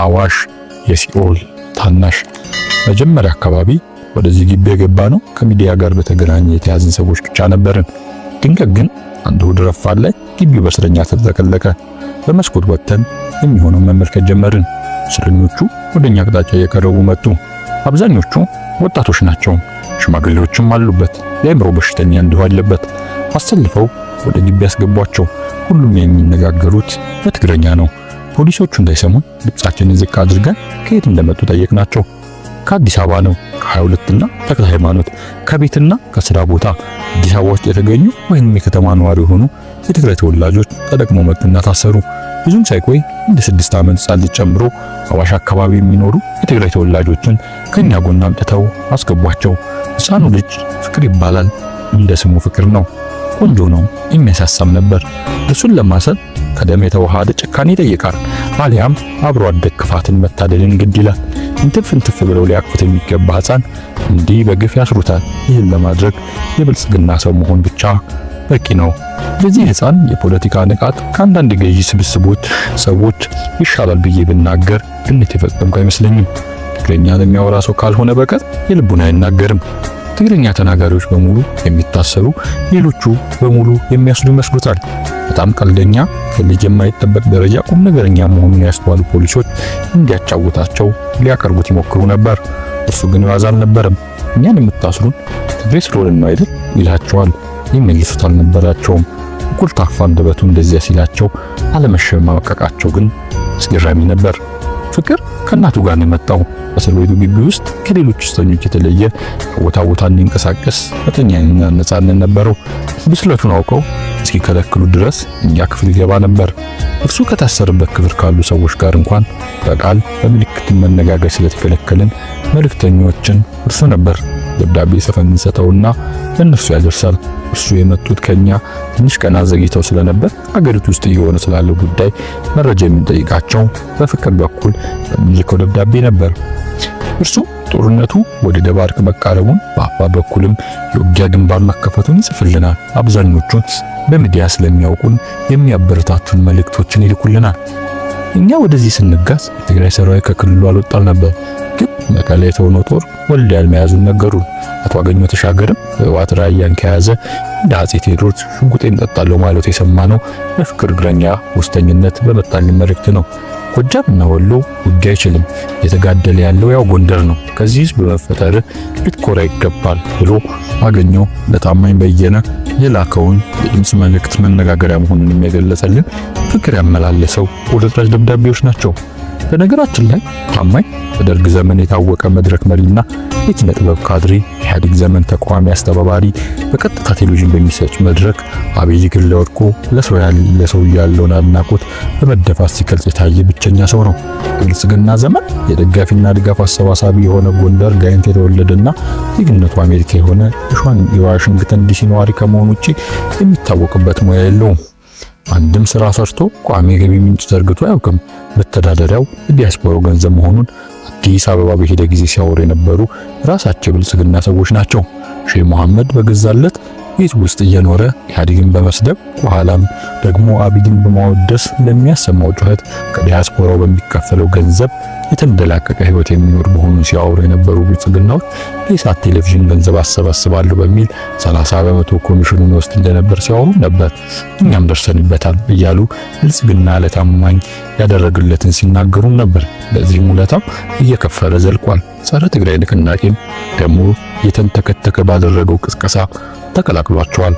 አዋሽ የሲኦል ታናሽ መጀመሪያ አካባቢ ወደዚህ ግቢ የገባ ነው ከሚዲያ ጋር በተገናኘ የተያዝን ሰዎች ብቻ ነበርን። ድንገት ግን አንድ እሑድ ረፋድ ላይ ግቢው በእስረኛ ተጠቀለቀ በመስኮት ወጥተን የሚሆነው መመልከት ጀመርን። እስረኞቹ ወደኛ አቅጣጫ እየቀረቡ መጡ። አብዛኞቹ ወጣቶች ናቸው። ሽማግሌዎችም አሉበት። የአእምሮ በሽተኛ እንዲሁ አለበት። አሰልፈው ወደ ግቢ ያስገቧቸው። ሁሉም የሚነጋገሩት በትግረኛ ነው። ፖሊሶቹ እንዳይሰሙን ድምጻችንን ዝቅ አድርገን ከየት እንደመጡ ጠየቅናቸው። ከአዲስ አበባ ነው፣ ከ22 ና ተክለ ሃይማኖት፣ ከቤትና ከስራ ቦታ አዲስ አበባ ውስጥ የተገኙ ወይም የከተማ ነዋሪ የሆኑ የትግራይ ተወላጆች ተደቅሞ መጡና ታሰሩ። ብዙም ሳይቆይ እንደ ስድስት ዓመት ሕፃን ልጅ ጨምሮ አዋሽ አካባቢ የሚኖሩ የትግራይ ተወላጆችን ከኛ ጎን አምጥተው አስገቧቸው። ህፃኑ ልጅ ፍቅር ይባላል። እንደ ስሙ ፍቅር ነው። ቆንጆ ነው። የሚያሳሳም ነበር። እሱን ለማሰል ከደም የተዋሃደ ጭካኔ ይጠይቃል። አሊያም አብሮ አደግ ክፋትን መታደልን ግድ ይላል። እንትፍ እንትፍ ብለው ሊያቅፉት የሚገባ ሕፃን እንዲህ በግፍ ያስሩታል። ይህን ለማድረግ የብልጽግና ሰው መሆን ብቻ በቂ ነው። በዚህ ሕፃን የፖለቲካ ንቃት ከአንዳንድ ገዢ ስብስቦች ሰዎች ይሻላል ብዬ ብናገር እምነት የፈጸምኩ አይመስለኝም። ትግርኛ ለሚያወራ ሰው ካልሆነ በቀር የልቡን አይናገርም። ትግርኛ ተናጋሪዎች በሙሉ የሚታሰሩ፣ ሌሎቹ በሙሉ የሚያስዱ ይመስሉታል። በጣም ቀልደኛ፣ ከልጅ የማይጠበቅ ደረጃ ቁም ነገረኛ መሆኑን ያስተዋሉ ፖሊሶች እንዲያጫውታቸው ሊያቀርቡት ይሞክሩ ነበር። እርሱ ግን የዋዛ አልነበረም። እኛን የምታስሩን ትግሬ ስለሆንን ነው አይደል? ይላቸዋል። የሚመልሱት አልነበራቸውም። ኩልታፋ አንደበቱ እንደዚያ ሲላቸው አለመሸማቀቃቸው ግን አስገራሚ ነበር። ፍቅር ከእናቱ ጋር ነው የመጣው። በእስር ቤቱ ግቢ ውስጥ ከሌሎች እስረኞች የተለየ ከቦታ ቦታ እንዲንቀሳቀስ መጠነኛ ነጻነት ነበረው። ብስለቱን አውቀው እስኪከለክሉ ድረስ እኛ ክፍል ይገባ ነበር። እርሱ ከታሰረበት ክፍል ካሉ ሰዎች ጋር እንኳን በቃል በምልክት መነጋገር ስለተከለከልን መልእክተኞችን እርሱ ነበር ደብዳቤ ጽፈን እንሰጠውና ለእነርሱ ያደርሳል። እርሱ የመጡት ከኛ ትንሽ ቀና ዘግይተው ስለነበር አገሪቱ ውስጥ እየሆነ ስላለው ጉዳይ መረጃ የምንጠይቃቸው በፍቅር በኩል በሚልከው ደብዳቤ ነበር። እርሱ ጦርነቱ ወደ ደባርቅ መቃረቡን በአፋር በኩልም የውጊያ ግንባር መከፈቱን ይጽፍልናል። አብዛኞቹን በሚዲያ ስለሚያውቁን የሚያበረታቱን መልእክቶችን ይልኩልናል። እኛ ወደዚህ ስንጋዝ የትግራይ ሰራዊት ከክልሉ አልወጣም ነበር፣ ግን መቀሌ የተሆነው ጦር ወልዲያን መያዙን ነገሩን። አቶ አገኘሁ ተሻገርም ህወሓት ራያን ከያዘ እንደ አጼ ቴዎድሮስ ሽጉጤን ጠጣለሁ ማለቱ የሰማነው በፍቅር እግረኛ ውስጠኝነት በመጣልን መልእክት ነው። ጎጃምና ወሎ ውጊያ አይችልም፣ እየተጋደለ ያለው ያው ጎንደር ነው፣ ከዚህ በመፈጠር ልትኮራ ይገባል ብሎ አገኘው ለታማኝ በየነ የላከውን የድምፅ መልእክት መነጋገሪያ መሆኑን የሚያገለጸልን ፍቅር ያመላለሰው ወደታች ደብዳቤዎች ናቸው። በነገራችን ላይ ታማኝ በደርግ ዘመን የታወቀ መድረክ መሪና የኪነ ጥበብ ካድሬ ኢህአዴግ ዘመን ተቃዋሚ አስተባባሪ በቀጥታ ቴሌቪዥን በሚሰጭ መድረክ አብይ ግን ለወድቆ ለሰው ያለውን አድናቆት በመደፋት ሲገልጽ የታየ ብቸኛ ሰው ነው። ብልጽግና ዘመን የደጋፊና ድጋፍ አሰባሳቢ የሆነ ጎንደር ጋይንት የተወለደና ዜግነቱ አሜሪካ የሆነ የዋሽንግተን ዲሲ ነዋሪ ከመሆኑ ውጪ የሚታወቅበት ሙያ የለውም። አንድም ስራ ሰርቶ ቋሚ ገቢ ምንጭ ዘርግቶ አያውቅም። መተዳደሪያው ዲያስፖራው ገንዘብ መሆኑን አዲስ አበባ በሄደ ጊዜ ሲያወሩ የነበሩ ራሳቸው ብልጽግና ሰዎች ናቸው። ሼህ መሐመድ በገዛለት ቤት ውስጥ እየኖረ ኢህአዴግን በመስደብ በኋላም ደግሞ አብይን በማወደስ ለሚያሰማው ጩኸት ከዲያስፖራው በሚከፈለው ገንዘብ የተንደላቀቀ ህይወት የሚኖር መሆኑን ሲያወሩ የነበሩ ብልጽግናዎች የኢሳት ቴሌቪዥን ገንዘብ አሰባስባለሁ በሚል 30 በመቶ ኮሚሽኑን ወስድ እንደነበር ሲያወሩ ነበር። እኛም ደርሰንበታል እያሉ ብልጽግና ለታማኝ ያደረግለትን ሲናገሩም ነበር። በዚህም ውለታም እየከፈለ ዘልቋል። ጸረ ትግራይ ንቅናቄም ደግሞ የተንተከተከ ባደረገው ቅስቀሳ ተቀላቅሏቸዋል።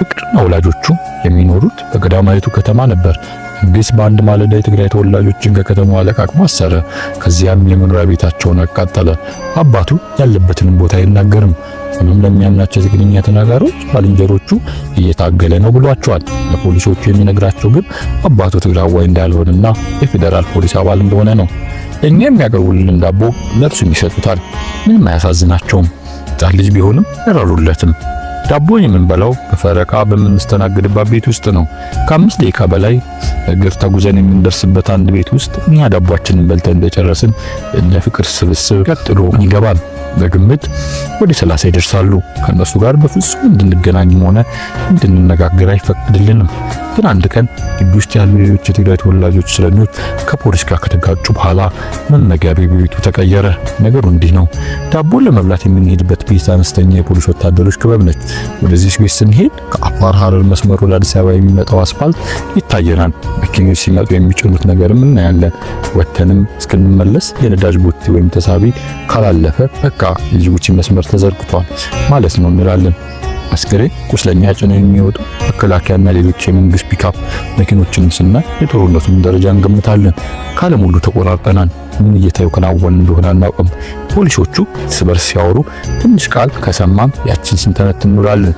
ፍቅርና ወላጆቹ የሚኖሩት በገዳማዊቱ ከተማ ነበር። እንግሊዝ በአንድ ማለዳ የትግራይ ተወላጆችን ከከተማዋ ለቃቅሞ አሰረ። ከዚያም የመኖሪያ ቤታቸውን አቃጠለ። አባቱ ያለበትንም ቦታ አይናገርም። ምንም ለሚያምናቸው የትግርኛ ተናጋሪዎች ባልንጀሮቹ እየታገለ ነው ብሏቸዋል። ለፖሊሶቹ የሚነግራቸው ግን አባቱ ትግራዋይ እንዳልሆነና የፌዴራል ፖሊስ አባል እንደሆነ ነው። እኛ የሚያቀርቡልን ዳቦ ለእርሱም ይሰጡታል። ምንም አያሳዝናቸውም። የህፃን ልጅ ቢሆንም ያራሩለትም። ዳቦ የምንበላው በፈረቃ በምንስተናግድባት ቤት ውስጥ ነው። ከአምስት ደቂቃ በላይ እግር ተጉዘን የምንደርስበት አንድ ቤት ውስጥ እኛ ዳቦአችንን በልተን እንደጨረስን እንደ ፍቅር ስብስብ ቀጥሎ ይገባል። በግምት ወደ 30 ይደርሳሉ። ከነሱ ጋር በፍጹም እንድንገናኝም ሆነ እንድንነጋገር አይፈቅድልንም። ግን አንድ ቀን ግቢ ውስጥ ያሉ ሌሎች የትግራይ ተወላጆች እስረኞች ከፖሊስ ጋር ከተጋጩ በኋላ መመገቢያ ቤቱ ተቀየረ። ነገሩ እንዲህ ነው። ዳቦን ለመብላት የምንሄድበት ቤት አነስተኛ የፖሊስ ወታደሮች ክበብ ነች። ወደዚህ ቤት ስንሄድ ከአፋር ሀረር መስመር ወደ አዲስ አበባ የሚመጣው አስፋልት ይታየናል። መኪኖች ሲመጡ የሚጭኑት ነገርም እናያለን። ወተንም እስክንመለስ የነዳጅ ቦቴ ወይም ተሳቢ ካላለፈ በቃ የጅቡቲ መስመር ተዘርግቷል ማለት ነው እንላለን። አስከሬን ቁስለኛ ጭነው የሚወጡ መከላከያና ሌሎች የመንግስት ፒካፕ መኪኖችን ስናይ የጦርነቱን ደረጃ እንገምታለን። ከዓለም ሁሉ ተቆራርጠናል። ምን እየተከናወነ እንደሆነ አናውቅም። ፖሊሶቹ ስበር ሲያወሩ ትንሽ ቃል ከሰማም ያችን ስንተነት እንውላለን።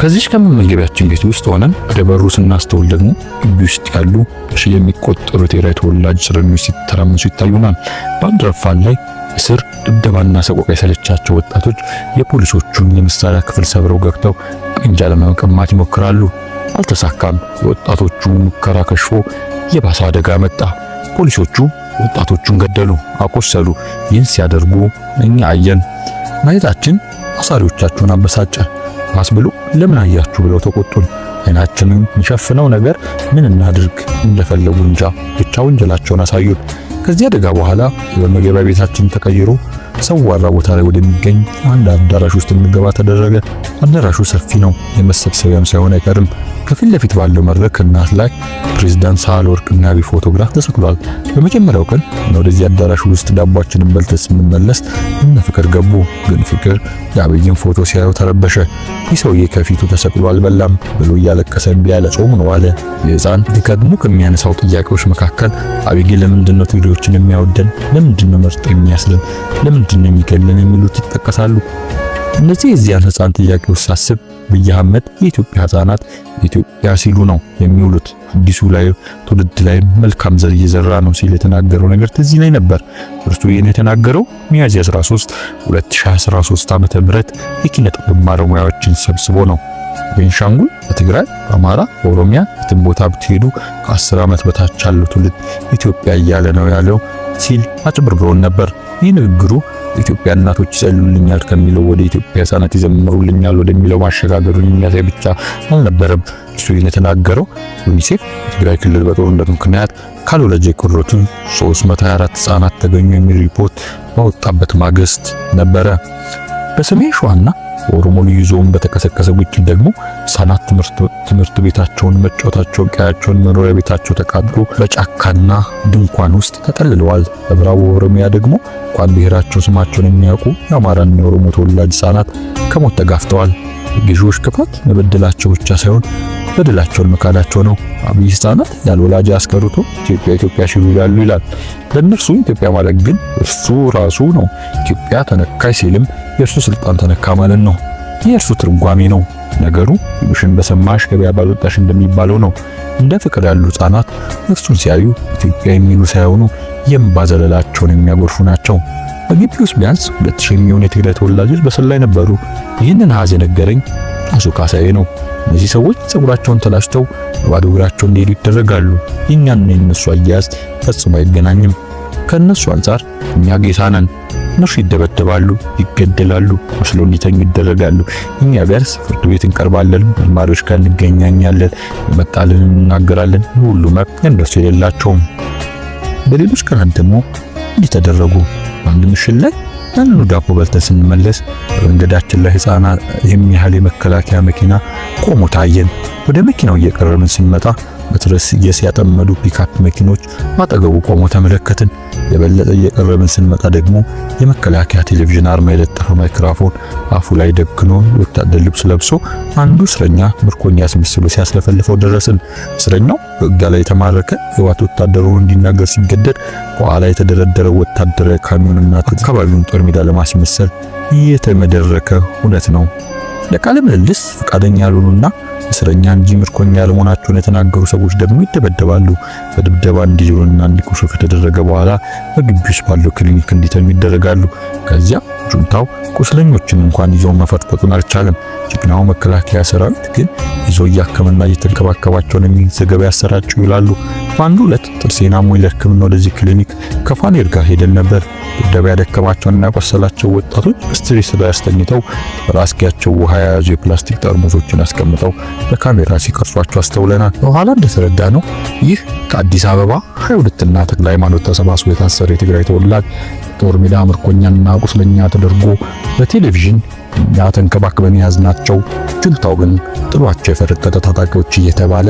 ከዚህ ከመመገቢያችን ቤት ውስጥ ሆነን ወደ በሩ ስናስተውል ደግሞ ግቢ ውስጥ ያሉ ሺህ የሚቆጠሩ የትግራይ ተወላጅ እስረኞች ሲተራመሱ ይታዩናል። በአንድ ረፋን ላይ እስር፣ ድብደባና ሰቆቃ የሰለቻቸው ወጣቶች የፖሊሶቹን የመሳሪያ ክፍል ሰብረው ገብተው ጠመንጃ ለመቀማት ይሞክራሉ። አልተሳካም። የወጣቶቹ ሙከራ ከሽፎ የባሰ አደጋ መጣ። ፖሊሶቹ ወጣቶቹን ገደሉ፣ አቆሰሉ። ይህን ሲያደርጉ እኛ አየን። ማየታችን አሳሪዎቻችሁን አበሳጨ። ባስ ብሎ ለምን አያችሁ ብለው ተቆጡን። አይናችንን የሚሸፍነው ነገር ምን እናድርግ እንደፈለጉ እንጃ። ብቻ ወንጀላቸውን አሳዩን። ከዚህ አደጋ በኋላ የመመገቢያ ቤታችን ተቀይሮ ሰዋራ ቦታ ላይ ወደሚገኝ አንድ አዳራሽ ውስጥ እንገባ ተደረገ። አዳራሹ ሰፊ ነው፣ የመሰብሰቢያም ሳይሆን አይቀርም። ከፊት ለፊት ባለው መድረክ እናት ላይ ፕሬዝዳንት ሳህለወርቅና ናቢ ፎቶግራፍ ተሰቅሏል። በመጀመሪያው ቀን ወደዚህ አዳራሽ ውስጥ ዳቧችንን በልተን ስንመለስ እነ ፍቅር ገቡ። ግን ፍቅር የአብይን ፎቶ ሲያዩ ተረበሸ። ይህ ሰውዬ ከፊቱ ተሰቅሎ አልበላም ብሎ እያለቀሰ እምቢ ያለ ጾም ነው አለ። የህፃን ሊቀድሙ ከሚያነሳው ጥያቄዎች መካከል አብይ ለምንድነው ትግሬዎችን የሚያወደን? ለምንድነው መርጦ የሚያስለን? ለምንድነው የሚገለን? የሚሉት ይጠቀሳሉ። እነዚህ የዚያን ሕፃን ጥያቄዎች ሳስብ አብይ አህመድ የኢትዮጵያ ህፃናት ኢትዮጵያ ሲሉ ነው የሚውሉት፣ አዲሱ ላይ ትውልድ ላይ መልካም ዘር እየዘራ ነው ሲል የተናገረው ነገር ተዚህ ላይ ነበር። እርሱ ይህን የተናገረው ሚያዝያ 13 2013 ዓ.ም የኪነ ጥበብ ባለሙያዎችን ሰብስቦ ነው። ቤንሻንጉል፣ በትግራይ፣ በአማራ፣ በኦሮሚያ የትም ቦታ ብትሄዱ 10 ዓመት በታች ያለው ትውልድ ኢትዮጵያ እያለ ነው ያለው ሲል አጭበርብሮን ነበር። ይህ ንግግሩ ኢትዮጵያ እናቶች ይጸልዩልኛል ከሚለው ወደ ኢትዮጵያ ሕፃናት ይዘምሩልኛል ወደሚለው ማሸጋገሩን የሚያሳይ ብቻ አልነበረም። እሱ የተናገረው ዩኒሴፍ ትግራይ ክልል በጦርነቱ ምክንያት ካልወለጁ የቀሩትን 324 ሕፃናት ተገኙ የሚል ሪፖርት በወጣበት ማግስት ነበረ። በሰሜን ሸዋና ኦሮሞ ልዩ ዞን በተቀሰቀሰ ግጭት ደግሞ ሕፃናት ትምህርት ቤታቸውን፣ መጫወታቸውን፣ ቀያቸውን፣ መኖሪያ ቤታቸው ተቃጥሎ በጫካና ድንኳን ውስጥ ተጠልለዋል። በምዕራብ ኦሮሚያ ደግሞ እንኳን ብሔራቸው ስማቸውን የሚያውቁ የአማራና የኦሮሞ ተወላጅ ሕፃናት ከሞት ተጋፍተዋል። ገዢዎች ክፋት መበደላቸው ብቻ ሳይሆን በደላቸውን መካዳቸው ነው። አብይ ሕፃናት ያልወላጅ ያስቀሩት ኢትዮጵያ ኢትዮጵያ ሲሉ ይላሉ ይላል። ለእነርሱ ኢትዮጵያ ማለት ግን እርሱ ራሱ ነው። ኢትዮጵያ ተነካይ ሲልም የእርሱ ስልጣን ተነካ ማለት ነው። የእርሱ ትርጓሜ ነው። ነገሩ ልብሽን በሰማሽ ገበያ ባልወጣሽ እንደሚባለው ነው። እንደ ፍቅር ያሉ ሕፃናት እርሱን ሲያዩ ኢትዮጵያ የሚሉ ሳይሆኑ የእምባ ዘለላቸውን የሚያጎርፉ ናቸው። ውስጥ ቢያንስ ሁለት ሺህ የሚሆኑ የትግራይ ተወላጆች በሰላይ ነበሩ። ይህንን ሀዝ የነገረኝ ራሱ ካሳዬ ነው። እነዚህ ሰዎች ፀጉራቸውን ተላጭተው ባዶ እግራቸው እንዲሄዱ ይደረጋሉ። የእኛና የእነሱ አያያዝ ፈጽሞ አይገናኝም። ከእነሱ አንጻር እኛ ጌታ ነን። እነሱ ይደበደባሉ፣ ይገደላሉ፣ መስሎ እንዲተኙ ይደረጋሉ። እኛ ቢያንስ ፍርድ ቤት እንቀርባለን፣ መርማሪዎች ጋር እንገኛኛለን፣ መጣልን እናገራለን። ሁሉ መብት እነሱ የሌላቸውም። በሌሎች ቀናት ደግሞ እንዲህ ተደረጉ። አንድ ምሽት ላይ ያንኑ ዳቦ በልተን ስንመለስ በመንገዳችን ላይ ሕፃናት የሚያህል የመከላከያ መኪና ቆሞ ታየን። ወደ መኪናው እየቀረብን ስንመጣ በትረስ እየሲያጠመዱ ፒካፕ መኪኖች ማጠገቡ ቆሞ ተመለከትን። የበለጠ እየቀረብን ስንመጣ ደግሞ የመከላከያ ቴሌቪዥን አርማ የለጠፈ ማይክሮፎን አፉ ላይ ደግኖ ወታደር ልብስ ለብሶ አንዱ እስረኛ ምርኮኛ አስመስሎ ሲያስለፈልፈው ደረስን። እስረኛው በእጋ ላይ የተማረከ ህዋት ወታደሩ እንዲናገር ሲገደድ ከኋላ የተደረደረ ወታደራዊ ካሚዮንና አካባቢውን ጦር ሜዳ ለማስመሰል እየተመደረከ እውነት ነው። ለቃለ ምልልስ ፈቃደኛ ያልሆኑና እስረኛ እንጂ ምርኮኛ ያለመሆናቸውን የተናገሩ ሰዎች ደግሞ ይደበደባሉ። በድብደባ እንዲዞሩና እንዲቆሹ ከተደረገ በኋላ በግቢ ውስጥ ባለው ክሊኒክ እንዲተኙ ይደረጋሉ። ከዚያ ጁንታው ቁስለኞችን እንኳን ይዞ መፈርፈጡን አልቻለም። ጀግናው መከላከያ ሰራዊት ግን ይዞ እያከመና እየተንከባከባቸውን የሚል ዘገባ ያሰራጩ ይላሉ። በአንድ ሁለት ጥርሴን አሞኝ ለሕክምና ወደዚህ ክሊኒክ ከፋኔር ጋር ሄደን ነበር። ድብደባ ያደከማቸውና ያቆሰላቸው ወጣቶች ስትሬስ ላይ አስተኝተው በራስጌያቸው ውሃ የያዙ የፕላስቲክ ጠርሙሶችን አስቀምጠው በካሜራ ሲቀርጿቸው አስተውለናል። በኋላ እንደተረዳ ነው ይህ ከአዲስ አበባ 22ና ተክለ ሃይማኖት ተሰባስቦ የታሰረ የትግራይ ተወላጅ ጦር ሜዳ ምርኮኛና ቁስለኛ ተደርጎ በቴሌቪዥን ተንከባክበን ያዝናቸው ጁንታው ግን ጥሏቸው የፈረጠጠ ታጣቂዎች እየተባለ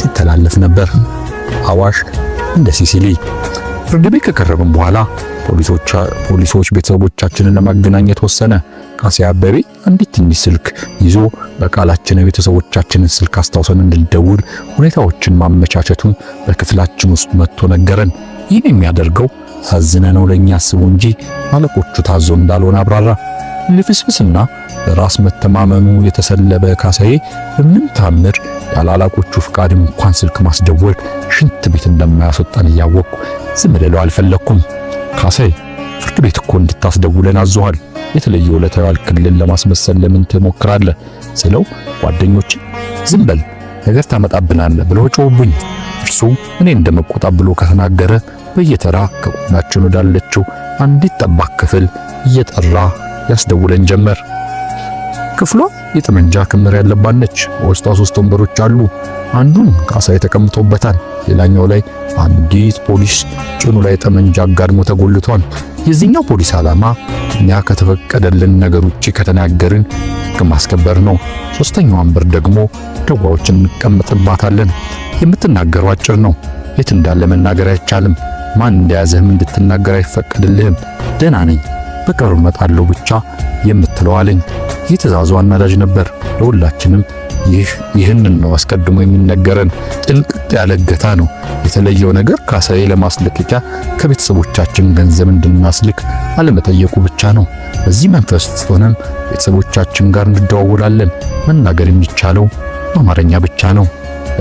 ሲተላለፍ ነበር። አዋሽ እንደ ሲሲሊ። ፍርድ ቤት ከቀረብን በኋላ ፖሊሶች ቤተሰቦቻችንን ለማገናኘት ወሰነ። ቃሲያ አበቤ አንዲት ትንሽ ስልክ ይዞ በቃላችን የቤተሰቦቻችንን ስልክ አስታውሰን እንድንደውል ሁኔታዎችን ማመቻቸቱን በክፍላችን ውስጥ መጥቶ ነገረን። ይህን የሚያደርገው አዝነ ነው ለእኛ አስቦ እንጂ አለቆቹ ታዞ እንዳልሆነ አብራራ። ልፍስፍስና በራስ መተማመኑ የተሰለበ ካሳዬ በምንም ታምር ያላላቆቹ ፍቃድ እንኳን ስልክ ማስደወል ሽንት ቤት እንደማያስወጣን እያወቅኩ ዝም ልለው አልፈለግኩም። ካሳይ ፍርድ ቤት እኮ እንድታስደውለን አዞሃል። የተለየ ውለታዋል ክልል ለማስመሰል ለምን ትሞክራለህ? ስለው ጓደኞች ዝም በል ነገር ታመጣብናለህ ብለው ጮውብኝ። እርሱ እኔ እንደመቆጣ ብሎ ከተናገረ በየተራ ከቁናችን ወዳለችው አንዲት ጠባብ ክፍል እየጠራ ያስደውለን ጀመር። ክፍሏ የጠመንጃ ክምር ያለባት ነች። በውስጧ ሶስት ወንበሮች አሉ። አንዱን ካሳይ ተቀምጦበታል። ሌላኛው ላይ አንዲት ፖሊስ ጭኑ ላይ ጠመንጃ አጋድሞ ተጎልቷል። የዚህኛው ፖሊስ ዓላማ እኛ ከተፈቀደልን ነገር ውጪ ከተናገርን ህግ ማስከበር ነው። ሶስተኛው ወንበር ደግሞ ደዋዎችን እንቀመጥባታለን። የምትናገረው አጭር ነው። የት እንዳለ መናገር አይቻልም። ማን እንደያዘህም እንድትናገር አይፈቀድልህም። ደህና ነኝ በቅርብ እመጣለሁ ብቻ የምትለው አለኝ። ይህ ትእዛዙ አናዳጅ ነበር። ለሁላችንም ይህ ይህንን ነው አስቀድሞ የሚነገረን። ጥንቅጥ ያለ እገታ ነው። የተለየው ነገር ካሳዬ ለማስለቀቂያ ከቤተሰቦቻችን ገንዘብ እንድናስልክ አለመጠየቁ ብቻ ነው። በዚህ መንፈስ ውስጥ ሆነን ቤተሰቦቻችን ጋር እንደዋወላለን። መናገር የሚቻለው በአማርኛ ብቻ ነው።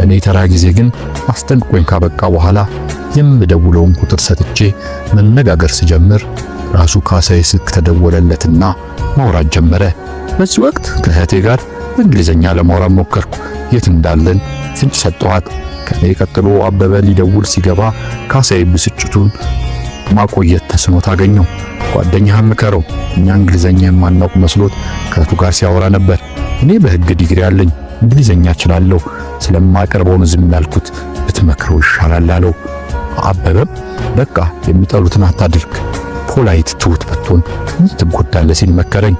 እኔ ተራ ጊዜ ግን አስጠንቅቆኝ ካበቃ በኋላ የምደውለውን ቁጥር ሰጥቼ መነጋገር ስጀምር ራሱ ካሳዬ ስልክ ተደወለለትና ማውራት ጀመረ። በዚህ ወቅት ከእህቴ ጋር እንግሊዘኛ ለማውራት ሞከርኩ። የት እንዳለን ፍንጭ ሰጠኋት። ከኔ ቀጥሎ አበበ ሊደውል ሲገባ ካሳይ ብስጭቱን ማቆየት ተስኖት አገኘው። ጓደኛህ ምከረው፣ እኛ እንግሊዘኛ የማናውቅ መስሎት ከእህቱ ጋር ሲያወራ ነበር። እኔ በህግ ዲግሪ አለኝ፣ እንግሊዝኛ እችላለሁ፣ ስለማቀርበው ዝም ያልኩት ብትመክረው ይሻላል አለው። አበበም በቃ የሚጠሉትን አታድርግ ኮላይት ትሁት ብትሆን ምን ትጎዳለህ ሲል መከረኝ።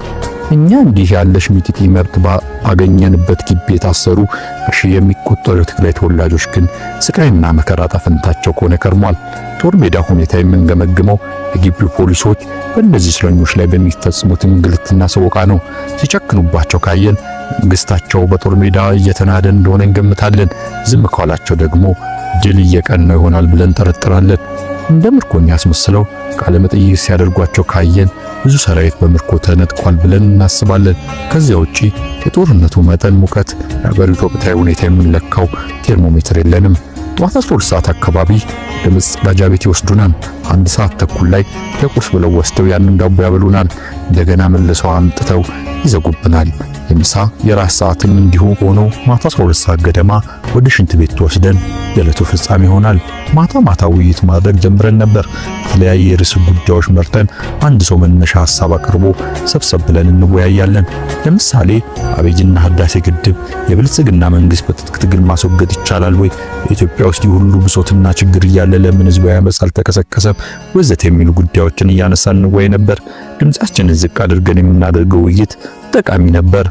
እኛ እንዲህ ያለ ሽሚጥቲ መብት ባገኘንበት ግቢ የታሰሩ በሺ የሚቆጠሩ የትግራይ ተወላጆች ግን ስቃይና መከራ ተፈንታቸው ከሆነ ከርሟል። ጦር ሜዳ ሁኔታ የምንገመግመው የግቢው ፖሊሶች በእነዚህ እስረኞች ላይ በሚፈጽሙት እንግልትና ሰቆቃ ነው። ሲጨክኑባቸው ካየን መንግስታቸው በጦር ሜዳ እየተናደ እንደሆነ እንገምታለን። ዝም ካላቸው ደግሞ ድል እየቀን ይሆናል ብለን ጠረጥራለን። እንደ ምርኮኛ ያስመስለው ቃለ መጠይቅ ሲያደርጓቸው ካየን ብዙ ሰራዊት በምርኮ ተነጥቋል ብለን እናስባለን። ከዚያ ውጪ የጦርነቱ መጠን ሙቀት፣ የአገሪቱ ወቅታዊ ሁኔታ የምንለካው ቴርሞሜትር የለንም። ጠዋት 12 ሰዓት አካባቢ ወደ ቤት ይወስዱናል። አንድ ሰዓት ተኩል ላይ ለቁርስ ብለው ወስደው ያንን ዳቦ ያበሉናል። እንደገና መልሰው አምጥተው ይዘጉብናል። የምሳ የራስ ሰዓትም እንዲሁ ሆኖ ማታ 12 ሰዓት ገደማ ወደ ሽንት ቤት ተወስደን የዕለቱ ፍጻሜ ይሆናል። ማታ ማታ ውይይት ማድረግ ጀምረን ነበር። የተለያየ የርዕስ ጉዳዮች መርጠን አንድ ሰው መነሻ ሐሳብ አቅርቦ ሰብሰብ ብለን እንወያያለን። ለምሳሌ አቤጅና ህዳሴ ግድብ የብልጽግና መንግስት በትጥቅ ትግል ማስወገድ ይቻላል ወይ? የኢትዮጵያ ውስጥ ሁሉ ብሶትና ችግር እያለ ለምን ህዝባዊ አመፅ አልተቀሰቀሰም ወዘት የሚሉ ጉዳዮችን እያነሳን እንወያይ ነበር። ድምጻችንን ዝቅ አድርገን የምናደርገው ውይይት ጠቃሚ ነበር።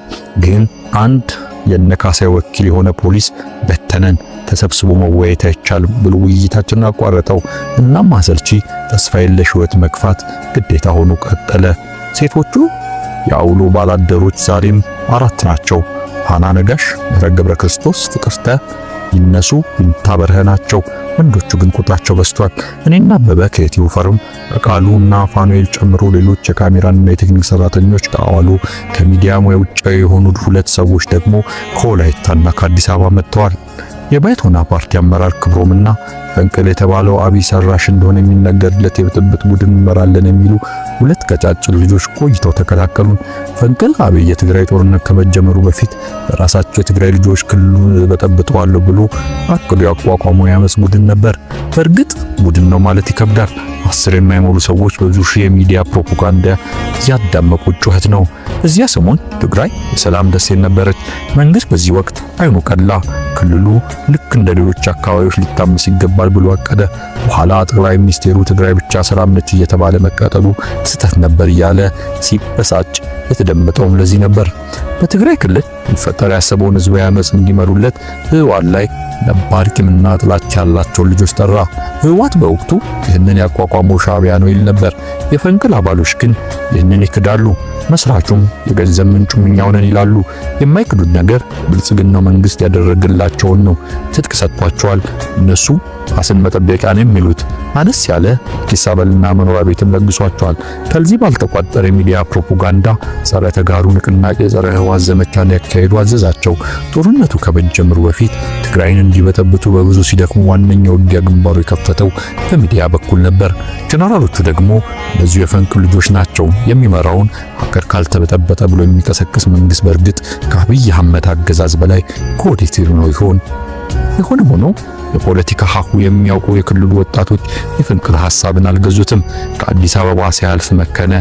ግን አንድ የነካሳይ ወኪል የሆነ ፖሊስ በተነን ተሰብስቦ መወያየት አይቻልም ብሎ ውይይታችንን አቋረጠው። እናም አሰልቺ ተስፋ የለሽ ህይወት መግፋት ግዴታ ሆኖ ቀጠለ። ሴቶቹ የአውሎ ባላደሮች ዛሬም አራት ናቸው። ሃና ነጋሽ፣ ረገብረ ክርስቶስ፣ ፍቅርተ ይነሱ ይታበርህ ናቸው። ወንዶቹ ግን ቁጥራቸው በዝቷል። እኔና አበበ ከየቲው ፈርም ቃሉና ፋኑኤል ጨምሮ ሌሎች የካሜራና የቴክኒክ ሰራተኞች ከአዋሉ ከሚዲያ ሙያ ውጭ የሆኑ ሁለት ሰዎች ደግሞ ከወላይታና ከአዲስ አበባ መጥተዋል። የባይቶና ፓርቲ አመራር ክብሮምና በቀል የተባለው አብይ ሰራሽ እንደሆነ የሚነገርለት የብጥብጥ ቡድን እንመራለን የሚሉ ሁለት ቀጫጭን ልጆች ቆይተው ተከላከሉን። ፈንቅል አብይ የትግራይ ጦርነት ከመጀመሩ በፊት በራሳቸው የትግራይ ልጆች ክልሉን በጠብጠዋለሁ ብሎ አቅዶ ያቋቋመው ያመስ ቡድን ነበር። በእርግጥ ቡድን ነው ማለት ይከብዳል። አስር የማይሞሉ ሰዎች በብዙ ሺህ የሚዲያ ፕሮፓጋንዳ ያዳመቁ ጩኸት ነው። እዚያ ሰሞን ትግራይ የሰላም ደሴት ነበረች። መንግስት በዚህ ወቅት አይኑ ቀላ። ክልሉ ልክ እንደ ሌሎች አካባቢዎች ሊታመስ ይገባል ይገባል ብሎ አቀደ። በኋላ ጠቅላይ ሚኒስቴሩ ትግራይ ብቻ ሰላም ነች እየተባለ መቀጠሉ ስህተት ነበር እያለ ሲበሳጭ የተደመጠውም ለዚህ ነበር። በትግራይ ክልል ሊፈጠር ያሰበውን ህዝባዊ አመፅ እንዲመሩለት ህወሓት ላይ ነባር ቂምና ጥላቻ ያላቸውን ልጆች ጠራ። ህወሓት በወቅቱ ይህንን ያቋቋመው ሻዕቢያ ነው ይል ነበር። የፈንቅል አባሎች ግን ይህንን ይክዳሉ። መስራቹም የገንዘብ ምንጩም እኛው ነን ይላሉ። የማይክዱት ነገር ብልጽግናው መንግስት ያደረገላቸውን ነው። ትጥቅ ሰጥቷቸዋል። እነሱ ራስን መጠበቂያ ነው የሚሉት። አነስ ያለ ኪስ አበልና መኖሪያ ቤትም ለግሷቸዋል። ከዚህ ባልተቋጠረ ሚዲያ ፕሮፓጋንዳ ጸረ ተጋሩ ንቅናቄ ጸረ የማዋዝ ዘመቻ እንዲያካሄዱ አዘዛቸው። ጦርነቱ ከመጀመሩ በፊት ትግራይን እንዲበተብቱ በብዙ ሲደክሙ ዋነኛው ውጊያ ግንባሩ የከፈተው በሚዲያ በኩል ነበር። ጀነራሎቹ ደግሞ እነዚሁ የፈንክ ልጆች ናቸው። የሚመራውን ሀገር ካልተበጠበጠ ብሎ የሚቀሰቅስ መንግስት በእርግጥ ከአብይ አህመድ አገዛዝ በላይ ከወዴት ነው ይሆን? የሆነ ሆኖ የፖለቲካ ሀሁ የሚያውቁ የክልሉ ወጣቶች የፍንቅል ሐሳብን አልገዙትም። ከአዲስ አበባ ሲያልፍ መከነ።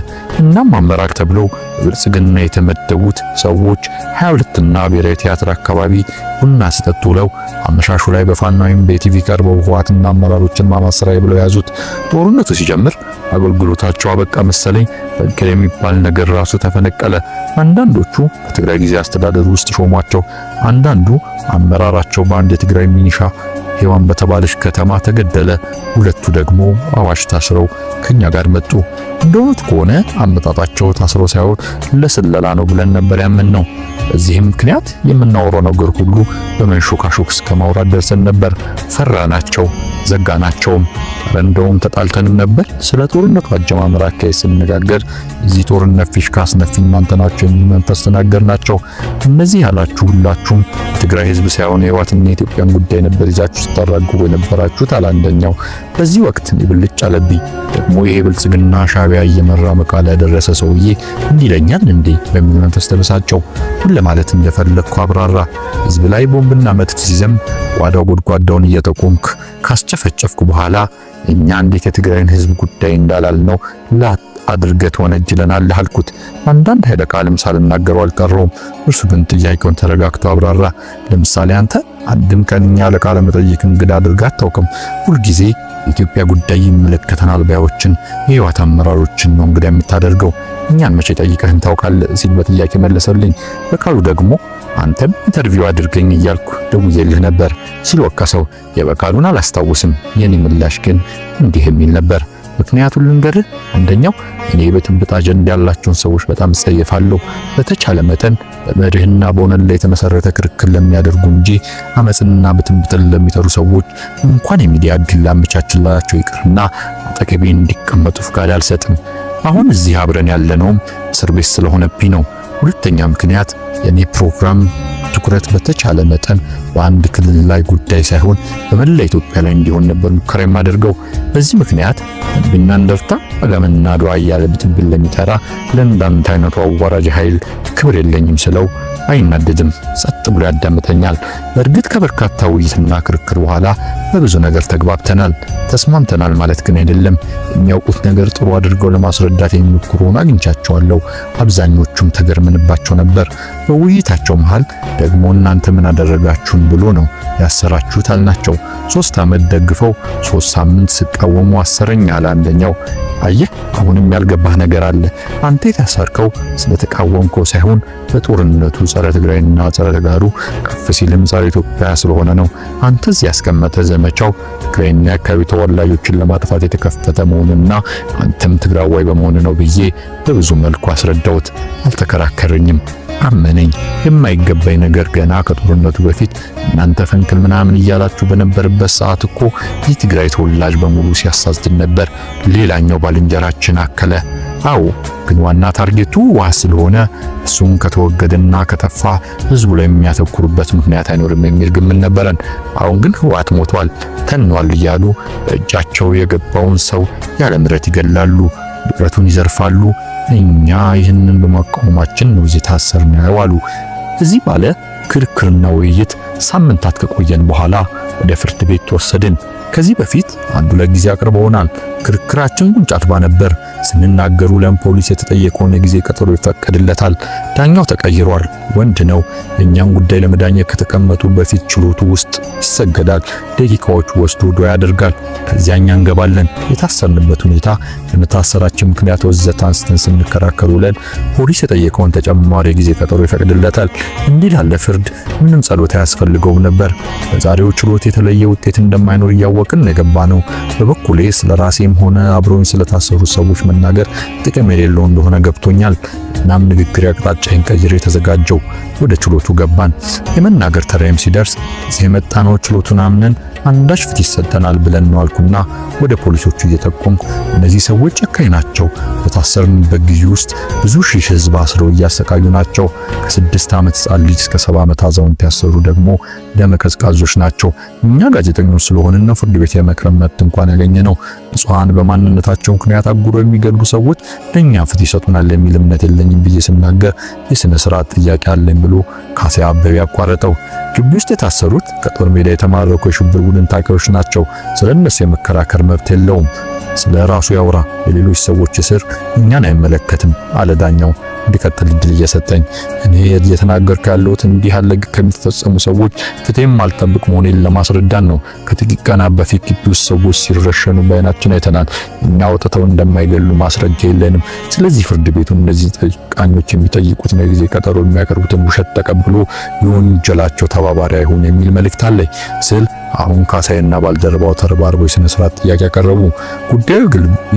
እናም አመራር ተብለው በብልጽግና የተመደቡት ሰዎች 22ና ብሔራዊ ቲያትር አካባቢ ቡና ሲጠጡ ውለው አመሻሹ ላይ በፋና ወይም በቲቪ ቀርበው ህወሓትና አመራሮችን ማማሰሪያ ብለው ያዙት። ጦርነቱ ሲጀምር አገልግሎታቸው አበቃ መሰለኝ። ፍቅር የሚባል ነገር ራሱ ተፈነቀለ። አንዳንዶቹ በትግራይ ጊዜ አስተዳደር ውስጥ ሾሟቸው፣ አንዳንዱ አመራራቸው በአንድ የትግራይ ሚኒሻ ሄዋን በተባለች ከተማ ተገደለ። ሁለቱ ደግሞ አዋሽ ታስረው ከኛ ጋር መጡ። እንደውት ከሆነ አመጣጣቸው ታስረው ሳይሆን ለስለላ ነው ብለን ነበር ያመን ነው። በዚህም ምክንያት የምናወራው ነገር ሁሉ በመንሾካሾክ እስከ ማውራት ደርሰን ነበር። ፈራናቸው፣ ዘጋናቸውም። እንደውም ተጣልተንም ነበር። ስለ ጦርነቱ አጀማመር አካሄድ ስንነጋገር እዚህ ጦርነት ፊሽካ አስነፊ እናንተ ናቸው የሚመን ተስተናገርናቸው። እነዚህ ያላችሁ ሁላችሁም ትግራይ ህዝብ ሳይሆን የህወሓትና የኢትዮጵያን ጉዳይ ነበር ይዛችሁ ስታራግቡ የነበራችሁት አለ አንደኛው። በዚህ ወቅት ብልጭ አለብኝ። ደግሞ ይሄ ብልጽግና ሻቢያ እየመራ መቃለ ያደረሰ ሰውዬ እንዲለኛል እንዴ በሚል መንፈስ ተበሳጨው። ምን ለማለት እንደፈለግኩ አብራራ። ህዝብ ላይ ቦምብና መትት ሲዘም ጓዳው ጎድጓዳውን እየጠቆምክ ካስጨፈጨፍኩ በኋላ እኛ እንዴት የትግራይን ህዝብ ጉዳይ እንዳላል ነው ላት አድርገህ ትወነጅለናለህ አልኩት። አንዳንድ ኃይለ ቃልም ሳልናገረው አልቀረውም። እርሱ ግን ጥያቄውን ተረጋግቶ አብራራ። ለምሳሌ አንተ አንድም ቀን እኛ ለቃለ መጠይቅ እንግዳ አድርገህ አታውቅም። ሁልጊዜ ኢትዮጵያ ጉዳይ ይመለከተናል ባዮችን፣ የህይወት አመራሮችን ነው እንግዳ የምታደርገው። እኛን መቼ ጠይቀህን ታውቃለህ? ሲል በጥያቄ መለሰልኝ። በቃሉ ደግሞ አንተም ኢንተርቪው አድርገኝ እያልኩ ደውዬልህ ነበር ሲል ወቀሰው። የበቃሉን አላስታውስም፣ የኔ ምላሽ ግን እንዲህ የሚል ነበር ምክንያቱ ልንገር፣ አንደኛው እኔ በትንብት አጀንዳ ያላቸውን ሰዎች በጣም እጸየፋለሁ። በተቻለ መጠን በመርህና በሆነን ላይ የተመሰረተ ክርክር ለሚያደርጉ እንጂ አመፅንና በትንብትን ለሚጠሩ ሰዎች እንኳን የሚዲያ እድል ላመቻችላቸው ይቅርና አጠገቤ እንዲቀመጡ ፍቃድ አልሰጥም። አሁን እዚህ አብረን ያለነውም እስር ቤት ስለሆነብኝ ነው። ሁለተኛ ምክንያት የእኔ ፕሮግራም ትኩረት በተቻለ መጠን በአንድ ክልል ላይ ጉዳይ ሳይሆን በመላ ኢትዮጵያ ላይ እንዲሆን ነበር ሙከራ የማደርገው። በዚህ ምክንያት ብና እንደርታ አጋመና ዶዋ እያለ ብትብል ለሚጠራ ለእንዳንተ አይነቱ አዋራጅ ኃይል ክብር የለኝም ስለው አይናደድም፣ ጸጥ ብሎ ያዳምጠኛል። በእርግጥ ከበርካታ ውይይትና ክርክር በኋላ በብዙ ነገር ተግባብተናል፣ ተስማምተናል ማለት ግን አይደለም። የሚያውቁት ነገር ጥሩ አድርገው ለማስረዳት የሚሞክሩን አግኝቻቸዋለሁ። አብዛኞቹም ተገርምንባቸው ነበር። በውይይታቸው መሃል ደግሞ እናንተ ምን አደረጋችሁን ብሎ ነው ያሰራችሁት አልናቸው። ሶስት አመት ደግፈው ሶስት ሳምንት ሲቃወሙ አሰረኝ አለ አንደኛው። አየህ አሁንም ያልገባህ ነገር አለ። አንተ የታሰርከው ስለተቃወምከው ሳይሆን በጦርነቱ ጸረ ትግራይና ጸረ ተጋሩ ከፍ ሲልም ጸረ ኢትዮጵያ ስለሆነ ነው። አንተ እዚህ ያስቀመጠ ዘመቻው ትግራይና የአካባቢ ተወላጆችን ለማጥፋት የተከፈተ መሆኑና አንተም ትግራዋይ በመሆኑ ነው ብዬ በብዙ መልኩ አስረዳሁት። አልተከራከረኝም። አመነኝ። የማይገባኝ ነገር ገና ከጦርነቱ በፊት እናንተ ፈንክል ምናምን እያላችሁ በነበረበት ሰዓት እኮ የትግራይ ተወላጅ በሙሉ ሲያሳዝን ነበር። ሌላኛው ባልንጀራችን አከለ። አዎ፣ ግን ዋና ታርጌቱ ዋ ስለሆነ እሱም ከተወገደና ከተፋ ህዝቡ ላይ የሚያተኩሩበት ምክንያት አይኖርም የሚል ግምት ነበረን። አሁን ግን ህወሓት ሞቷል፣ ተኗል እያሉ በእጃቸው የገባውን ሰው ያለ ምሕረት ይገላሉ። ንብረቱን ይዘርፋሉ። እኛ ይህንን በማቃወማችን ነው እዚህ ታሰርነው አሉ። እዚህ ባለ ክርክርና ውይይት ሳምንታት ከቆየን በኋላ ወደ ፍርድ ቤት ተወሰድን። ከዚህ በፊት አንዱ ለጊዜ ጊዜ አቅርበውናል። ክርክራችን ጉንጫት ባነበር ነበር። ለም ውለን ፖሊስ የተጠየቀውን ጊዜ ቀጠሮ ይፈቀድለታል። ዳኛው ተቀይሯል። ወንድ ነው። የእኛን ጉዳይ ለመዳኘት ከተቀመጡ በፊት ችሎቱ ውስጥ ይሰገዳል። ደቂቃዎች ወስዶ ዶ ያደርጋል። ከዚያ እኛ እንገባለን። የታሰርንበት ሁኔታ፣ ለመታሰራችን ምክንያት ወዘተ አንስተን ስንከራከር ፖሊስ የጠየቀውን ተጨማሪ ጊዜ ቀጠሮ ይፈቅድለታል። እንዲህ ላለ ፍርድ ምንም ጸሎት አያስፈልገውም ነበር። በዛሬው ችሎት የተለየ ውጤት እንደማይኖር እያወቀ እያወቅን ነው የገባ ነው። በበኩሌ ስለ ራሴም ሆነ አብረውኝ ስለታሰሩ ሰዎች መናገር ጥቅም የሌለው እንደሆነ ገብቶኛል። እናም ንግግር አቅጣጫዬን ቀይሬ ተዘጋጀው ወደ ችሎቱ ገባን። የመናገር ተራይም ሲደርስ የመጣ ነው ችሎቱን አምነን አንዳች ፍት ይሰጠናል ብለን ነው አልኩና ወደ ፖሊሶቹ እየጠቆምኩ እነዚህ ሰዎች ጨካኝ ናቸው። በታሰርንበት ጊዜ ውስጥ ብዙ ሺህ ህዝብ አስረው እያሰቃዩ ናቸው። ከስድስት ዓመት ሕፃን ልጅ እስከ ሰባ ዓመት አዛውንት ያሰሩ ደግሞ ደመ ቀዝቃዞች ናቸው። እኛ ጋዜጠኞች ስለሆንን ፍርድ ቤት የመክረም መብት እንኳን ያገኘ ነው። ንጹሐን በማንነታቸው ምክንያት አጉሮ የሚገድሉ ሰዎች ለእኛ ፍትህ ይሰጡናል የሚል እምነት የለኝም ብዬ ስናገር የሥነ ሥርዓት ጥያቄ አለኝ ብሎ ካሴ አበበ ያቋረጠው። ግቢ ውስጥ የታሰሩት ከጦር ሜዳ የተማረኩ የሽብር ቡድን ታጋዮች ናቸው። ስለ እነሱ የመከራከር መብት የለውም። ስለ ራሱ ያውራ፣ የሌሎች ሰዎች እስር እኛን አይመለከትም አለ ዳኛው። እንዲቀጥል እድል እየሰጠኝ እኔ እየተናገርኩ ያለሁት እንዲህ ያለ ከሚፈጸሙ ሰዎች ፍትህም አልጠብቅ መሆኔን ለማስረዳት ነው። ከጥቂት ቀናት በፊት ግቢ ውስጥ ሰዎች ሲረሸኑ በአይናችን አይተናል። እኛ አውጥተው እንደማይገሉ ማስረጃ የለንም። ስለዚህ ፍርድ ቤቱ እነዚህ ጠቃኞች የሚጠይቁት ነው ጊዜ ቀጠሮ የሚያቀርቡትን ውሸት ተቀብሎ የወንጀላቸው ተባባሪ አይሁን የሚል መልእክት አለኝ ስል አሁን ካሳይና ባልደረባው ተረባርበው የሥነ ሥርዓት ጥያቄ ያቀረቡ። ጉዳዩ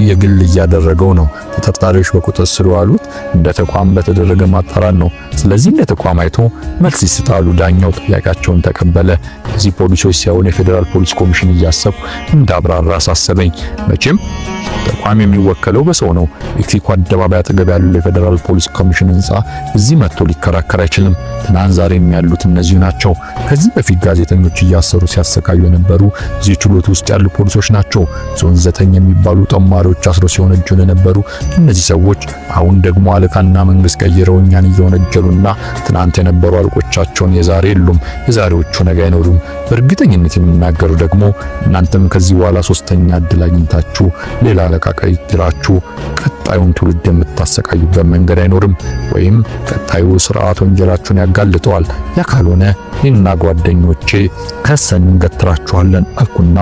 የግል እያደረገው ነው። ተጠርጣሪዎች በቁጥጥር ስር የዋሉት እንደ አፋም በተደረገ ማጣራት ነው ስለዚህ እንደ ተቋም አይቶ መልስ ይስጣሉ። ዳኛው ጥያቄያቸውን ተቀበለ። እዚህ ፖሊሶች ሳይሆን የፌዴራል ፖሊስ ኮሚሽን እያሰብኩ እንዳብራራ አሳሰበኝ። መቼም ተቋም የሚወከለው በሰው ነው። ኢክቲኮ አደባባይ አጠገብ ያለው የፌዴራል ፖሊስ ኮሚሽን ህንፃ እዚህ መጥቶ ሊከራከር አይችልም። ትናንት ዛሬም ያሉት እነዚሁ ናቸው። ከዚህ በፊት ጋዜጠኞች እያሰሩ ሲያሰቃዩ የነበሩ እዚህ ችሎት ውስጥ ያሉ ፖሊሶች ናቸው። ዞን ዘጠኝ የሚባሉ ጠማሪዎች አስሮ ሲሆነ እጁን የነበሩ እነዚህ ሰዎች አሁን ደግሞ አለቃና መንግስት ቀይረው እኛን እየወነጀሉ ይሆናሉና ትናንት የነበሩ አለቆቻቸውን የዛሬ የሉም፣ የዛሬዎቹ ነገ አይኖሩም። በእርግጠኝነት የሚናገሩ ደግሞ እናንተም ከዚህ በኋላ ሶስተኛ እድል አግኝታችሁ ሌላ አለቃ ቀይራችሁ ቀጣዩን ትውልድ የምታሰቃዩበት መንገድ አይኖርም፣ ወይም ቀጣዩ ስርዓት ወንጀላችሁን ያጋልጠዋል። ያ ካልሆነ ይህና ጓደኞቼ ከሰን እንገትራችኋለን አልኩና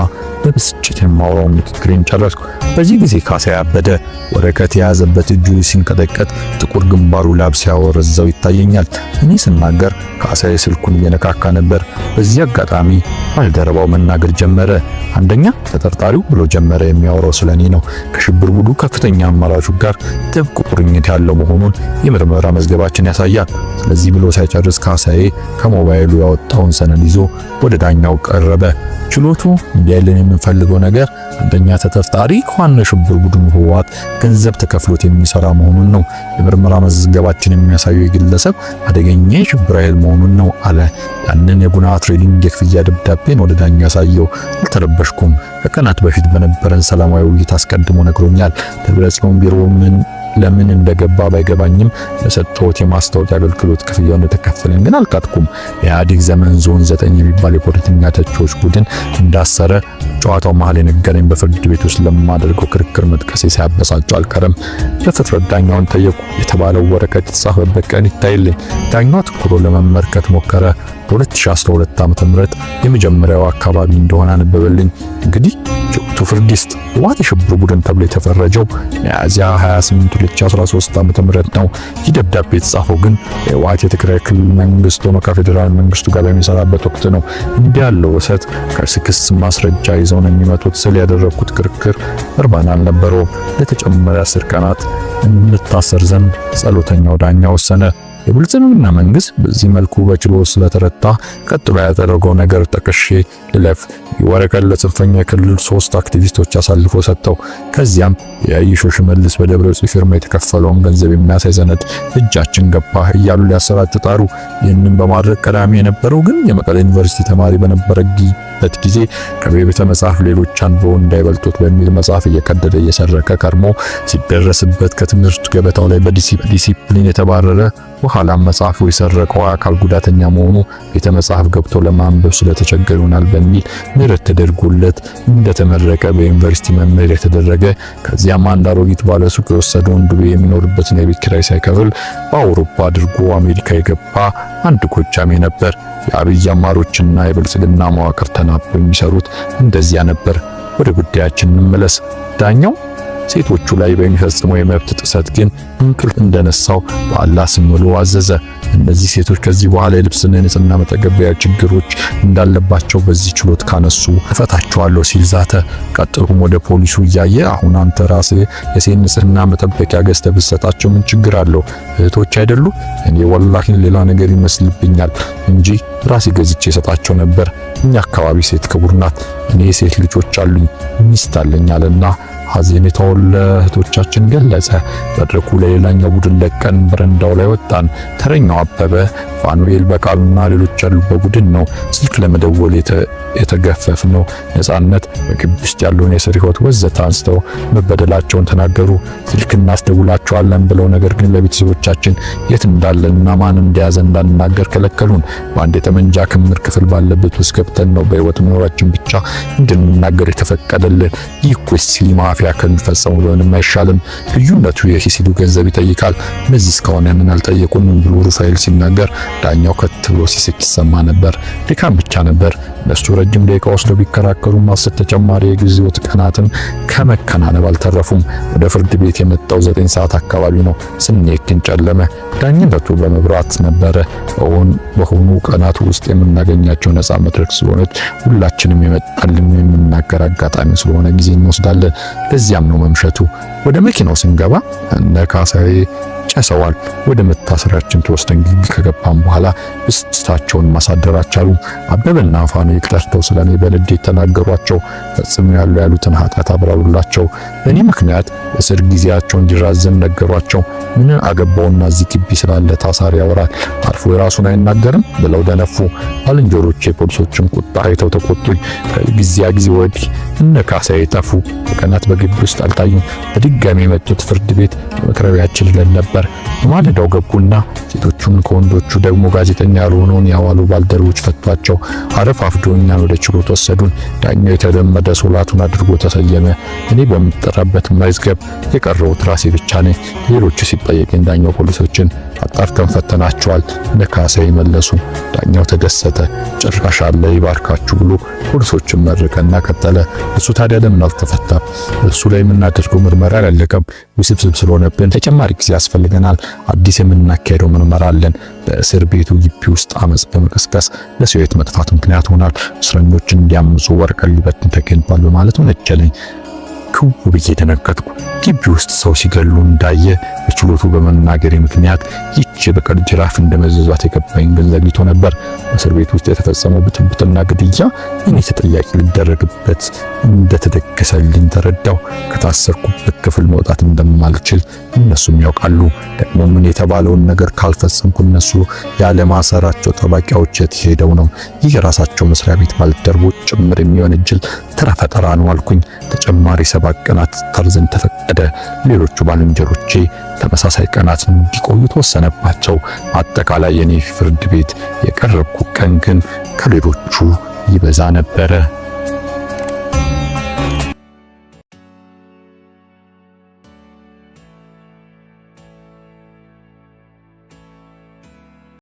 በብስጭት የማውራው ንግግሬን ጨረስኩ። በዚህ ጊዜ ካሳ ያበደ ወረቀት የያዘበት እጁ ሲንቀጠቀጥ፣ ጥቁር ግንባሩ ላብ ሲያወረዘው ይታየኛል። እኔ ስናገር ካሳ የስልኩን እየነካካ ነበር። በዚህ አጋጣሚ ባልደረባው መናገር ጀመረ። አንደኛ ተጠርጣሪው ብሎ ጀመረ። የሚያወራው ስለኔ ነው። ከሽብር ቡድኑ ከፍተኛ አመራሮች ጋር ጥብቅ ቁርኝት ያለው መሆኑን የምርመራ መዝገባችን ያሳያል። ስለዚህ ብሎ ሳይጨርስ ካሳዬ ከሞባይሉ ያወጣውን ሰነድ ይዞ ወደ ዳኛው ቀረበ። ችሎቱ እንዲያለን የምንፈልገው ነገር አንደኛ ተጠርጣሪ ከዋና የሽብር ቡድኑ ህወሓት ገንዘብ ተከፍሎት የሚሰራ መሆኑን ነው። የምርመራ መዝገባችን የሚያሳየው የግለሰብ አደገኛ የሽብር ኃይል መሆኑን ነው አለ። ያንን የቡና ትሬዲንግ የክፍያ ደብዳቤን ወደ ዳኛ ያሳየው። አልተረበሽኩም፣ ከቀናት በፊት በነበረን ሰላማዊ ውይይት አስቀድሞ ነግሮኛል። ደብረጽዮን ቢሮ ምን ለምን እንደገባ ባይገባኝም ለሰጠሁት የማስታወቂያ አገልግሎት ክፍያው እንደተከፈለኝ ግን አልካድኩም። የኢህአዴግ ዘመን ዞን ዘጠኝ የሚባል የፖለቲካ ተቺዎች ቡድን እንዳሰረ ጨዋታው መሀል የነገረኝ በፍርድ ቤት ውስጥ ለማደርገው ክርክር መጥቀሴ ሳያበሳጨው አልቀረም። ለፍትህ ዳኛውን ጠየቁ። የተባለው ወረቀት የተጻፈበት ቀን ይታይልኝ። ዳኛው አትኩሮ ለመመልከት ሞከረ። በ2012 ዓ.ም የመጀመሪያው አካባቢ እንደሆነ አነበበልኝ። እንግዲህ ቱ ፍርድ ይስጥ ህወሓት የሽብር ቡድን ተብሎ የተፈረጀው ሚያዝያ 28 2013 ዓ.ም ነው። ይህ ደብዳቤ የተጻፈው ግን ህወሓት የትግራይ ክልል መንግስት ሆኖ ከፌዴራል መንግስቱ ጋር በሚሰራበት ወቅት ነው። እንዲህ ያለው ውሰት ከስክስ ማስረጃ ይዘው ነው የሚመጡት ስል ያደረኩት ክርክር እርባና አልነበረውም። ለተጨመረ አስር ቀናት እንታሰር ዘንድ ጸሎተኛው ዳኛ ወሰነ። የብልጽግና መንግስት በዚህ መልኩ በችሎ ስለተረታ ቀጥሎ ያደረገው ነገር ጠቅሼ ልለፍ። የወረቀት ለጽንፈኛ የክልል ሶስት አክቲቪስቶች አሳልፎ ሰጥተው ከዚያም የአይሾ ሽመልስ በደብረ ጽዮን ፊርማ የተከፈለውን ገንዘብ የሚያሳይ ሰነድ እጃችን ገባ እያሉ ሊያሰራጩ ጣሩ። ይህንን በማድረግ ቀዳሚ የነበረው ግን የመቀሌ ዩኒቨርሲቲ ተማሪ በነበረ በነበረበት ጊዜ ከቤተ መጽሐፍ ሌሎች አንብበው እንዳይበልጡት በሚል መጽሐፍ እየቀደደ እየሰረቀ ከርሞ ሲደረስበት ከትምህርት ገበታው ላይ በዲሲፕሊን የተባረረ በኋላም መጽሐፉ የሰረቀው አካል ጉዳተኛ መሆኑ ቤተ መጽሐፍ ገብቶ ለማንበብ ስለተቸገረ ይሆናል በሚል ምህረት ተደርጎለት እንደተመረቀ በዩኒቨርሲቲ መምህር የተደረገ ከዚያም አንድ አሮጊት ባለሱቅ የወሰደ ወንዱ የሚኖርበትን የቤት ኪራይ ሳይከፍል በአውሮፓ አድርጎ አሜሪካ የገባ አንድ ጎጃሜ ነበር። የአብይ አማሮችና የብልጽግና መዋቅር ተናቦ የሚሰሩት እንደዚያ ነበር። ወደ ጉዳያችን እንመለስ። ዳኛው ሴቶቹ ላይ በሚፈጽመው የመብት ጥሰት ግን እንቅልፍ እንደነሳው በአላህ ስም ብሎ አዘዘ። እነዚህ ሴቶች ከዚህ በኋላ የልብስና የንጽህና መጠገቢያ ችግሮች እንዳለባቸው በዚህ ችሎት ካነሱ እፈታቸዋለሁ ሲል ዛተ። ቀጥሎም ወደ ፖሊሱ እያየ አሁን አንተ ራስህ የሴት ንጽህና መጠበቂያ ገዝተህ ብትሰጣቸው ምን ችግር አለው? እህቶች አይደሉ? እኔ ወላሂ ሌላ ነገር ይመስልብኛል እንጂ ራሴ ገዝቼ እሰጣቸው ነበር እኛ አካባቢ ሴት ክቡር ናት፣ እኔ ሴት ልጆች አሉኝ፣ ሚስት አለኝ አለና ሐዘኔታውን ለእህቶቻችን ገለጸ። መድረኩ ለሌላኛው ቡድን ለቀን በረንዳው ላይ ወጣን። ተረኛው አበበ ፋኑኤል፣ በቃሉና ሌሎች ያሉ በቡድን ነው። ስልክ ለመደወል የተገፈፍ ነው። ነጻነት በግቢ ውስጥ ያለውን የስር ህይወት ወዘተ አንስተው መበደላቸውን ተናገሩ። ስልክ እናስደውላቸዋለን ብለው ነገር ግን ለቤተሰቦቻችን የት እንዳለንና ማን እንደያዘ እንዳንናገር ከለከሉን። በአንድ የጠመንጃ ክምር ክፍል ባለበት ውስጥ ገብተን ነው በህይወት መኖራችን ብቻ እንድንናገር የተፈቀደልን። ይህ እኮ ሲሊ ማፊያ ከሚፈጸሙ ቢሆንም አይሻልም? ልዩነቱ የሂሲሉ ገንዘብ ይጠይቃል። እነዚህ እስካሁን ያንን አልጠየቁንም ብሎ ሩፋኤል ሲናገር ዳኛው ከት ብሎ ሲስቅ ይሰማ ነበር። ድካም ብቻ ነበር። እነሱ ረጅም ደቂቃ ወስደው ቢከራከሩም አስር ተጨማሪ የጊዜዎት ቀናትን ከመከናነብ አልተረፉም። ወደ ፍርድ ቤት የመጣው ዘጠኝ ሰዓት አካባቢ ነው። ስንሄድ ግን ጨለመ። ዳኝነቱ በመብራት ነበረ። በሆኑ ቀናት ውስጥ የምናገኛቸው ነጻ መድረክ ስለሆነች ሁላችንም ይመጣልን የምናገር አጋጣሚ ስለሆነ ጊዜ እንወስዳለን። ለዚያም ነው መምሸቱ። ወደ መኪናው ስንገባ እነ ካሳዬ ጨሰዋል። ወደ መታሰሪያችን ተወስደን ግቢ ከገባን በኋላ ብስጭታቸውን ማሳደር አልቻሉም። አበበና ፋኖ ጠርተው ስለኔ በንዴት ተናገሯቸው። ፈጽሞ ያሉ ያሉትን ኃጢአት አብራሩላቸው። በእኔ ምክንያት እስር ጊዜያቸው እንዲራዘም ነገሯቸው። ምን አገባውና እዚህ ግቢ ስላለ ታሳሪ ያወራል፣ አልፎ የራሱን አይናገርም ብለው ደነፉ። ባልንጀሮቼ ፖሊሶችን ቁጣ አይተው ተቆጡኝ። ከጊዜያ ጊዜ ወዲህ እነ ካሳ የጠፉ ከቀናት በግቢ ውስጥ አልታዩም። በድጋሚ የመጡት ፍርድ ቤት መቅረቢያችን ለን ነበር። በማለዳው ገቡና ሴቶቹን ከወንዶቹ ደግሞ ጋዜጠኛ ያልሆነውን ያዋሉ ባልደረቦች ፈቷቸው። አረፍ እኛን ወደ ችሎት ወሰዱን። ዳኛው የተለመደ ሶላቱን አድርጎ ተሰየመ። እኔ በምጠራበት መዝገብ የቀረውት ራሴ ብቻ ነኝ። ሌሎቹ ሲጠየቅን ዳኛው ፖሊሶችን አጣርተን ፈተናቸዋል፣ ነካሳ ይመለሱ። ዳኛው ተደሰተ። ጭራሽ አለ ይባርካችሁ ብሎ ፖሊሶችን መረቀና ቀጠለ። እሱ ታዲያ ለምን አልተፈታም? እሱ ላይ የምናደርገው ምርመራ አላለቀም፣ ውስብስብ ስለሆነብን ተጨማሪ ጊዜ ያስፈልጋል አድርገናል። አዲስ የምናካሄደው ምርመራ አለን። በእስር ቤቱ ግቢ ውስጥ አመፅ በመቀስቀስ ለሰውየት መጥፋት ምክንያት ሆናል። እስረኞችን እንዲያምፁ ወርቀ ሊበትን ተገኝቷል በማለት ወነጀለኝ። ክው ብዬ ደነገጥኩ። ግቢ ውስጥ ሰው ሲገሉ እንዳየ በችሎቱ በመናገሬ ምክንያት ይች በቀል ጅራፍ እንደመዘዟት የገባኝ ግን ዘግይቶ ነበር። በእስር ቤት ውስጥ የተፈጸመው ብጥብጥና ግድያ እኔ ተጠያቂ ልደረግበት እንደተደገሰልኝ ተረዳው። ከታሰርኩበት ክፍል መውጣት እንደማልችል እነሱም ያውቃሉ። ደግሞ ምን የተባለውን ነገር ካልፈጸምኩ እነሱ ያለ ማሰራቸው ጠባቂዎች የት ሄደው ነው? ይህ የራሳቸው መስሪያ ቤት ባልደረቦች ጭምር የሚሆን እጅል ተራ ፈጠራ ነው አልኩኝ። ተጨማሪ ሰባ አርባ ቀናት ተርዘን ተፈቀደ። ሌሎቹ ባልንጀሮቼ ተመሳሳይ ቀናት እንዲቆዩ ተወሰነባቸው። አጠቃላይ የኔ ፍርድ ቤት የቀረብኩ ቀን ግን ከሌሎቹ ይበዛ ነበረ።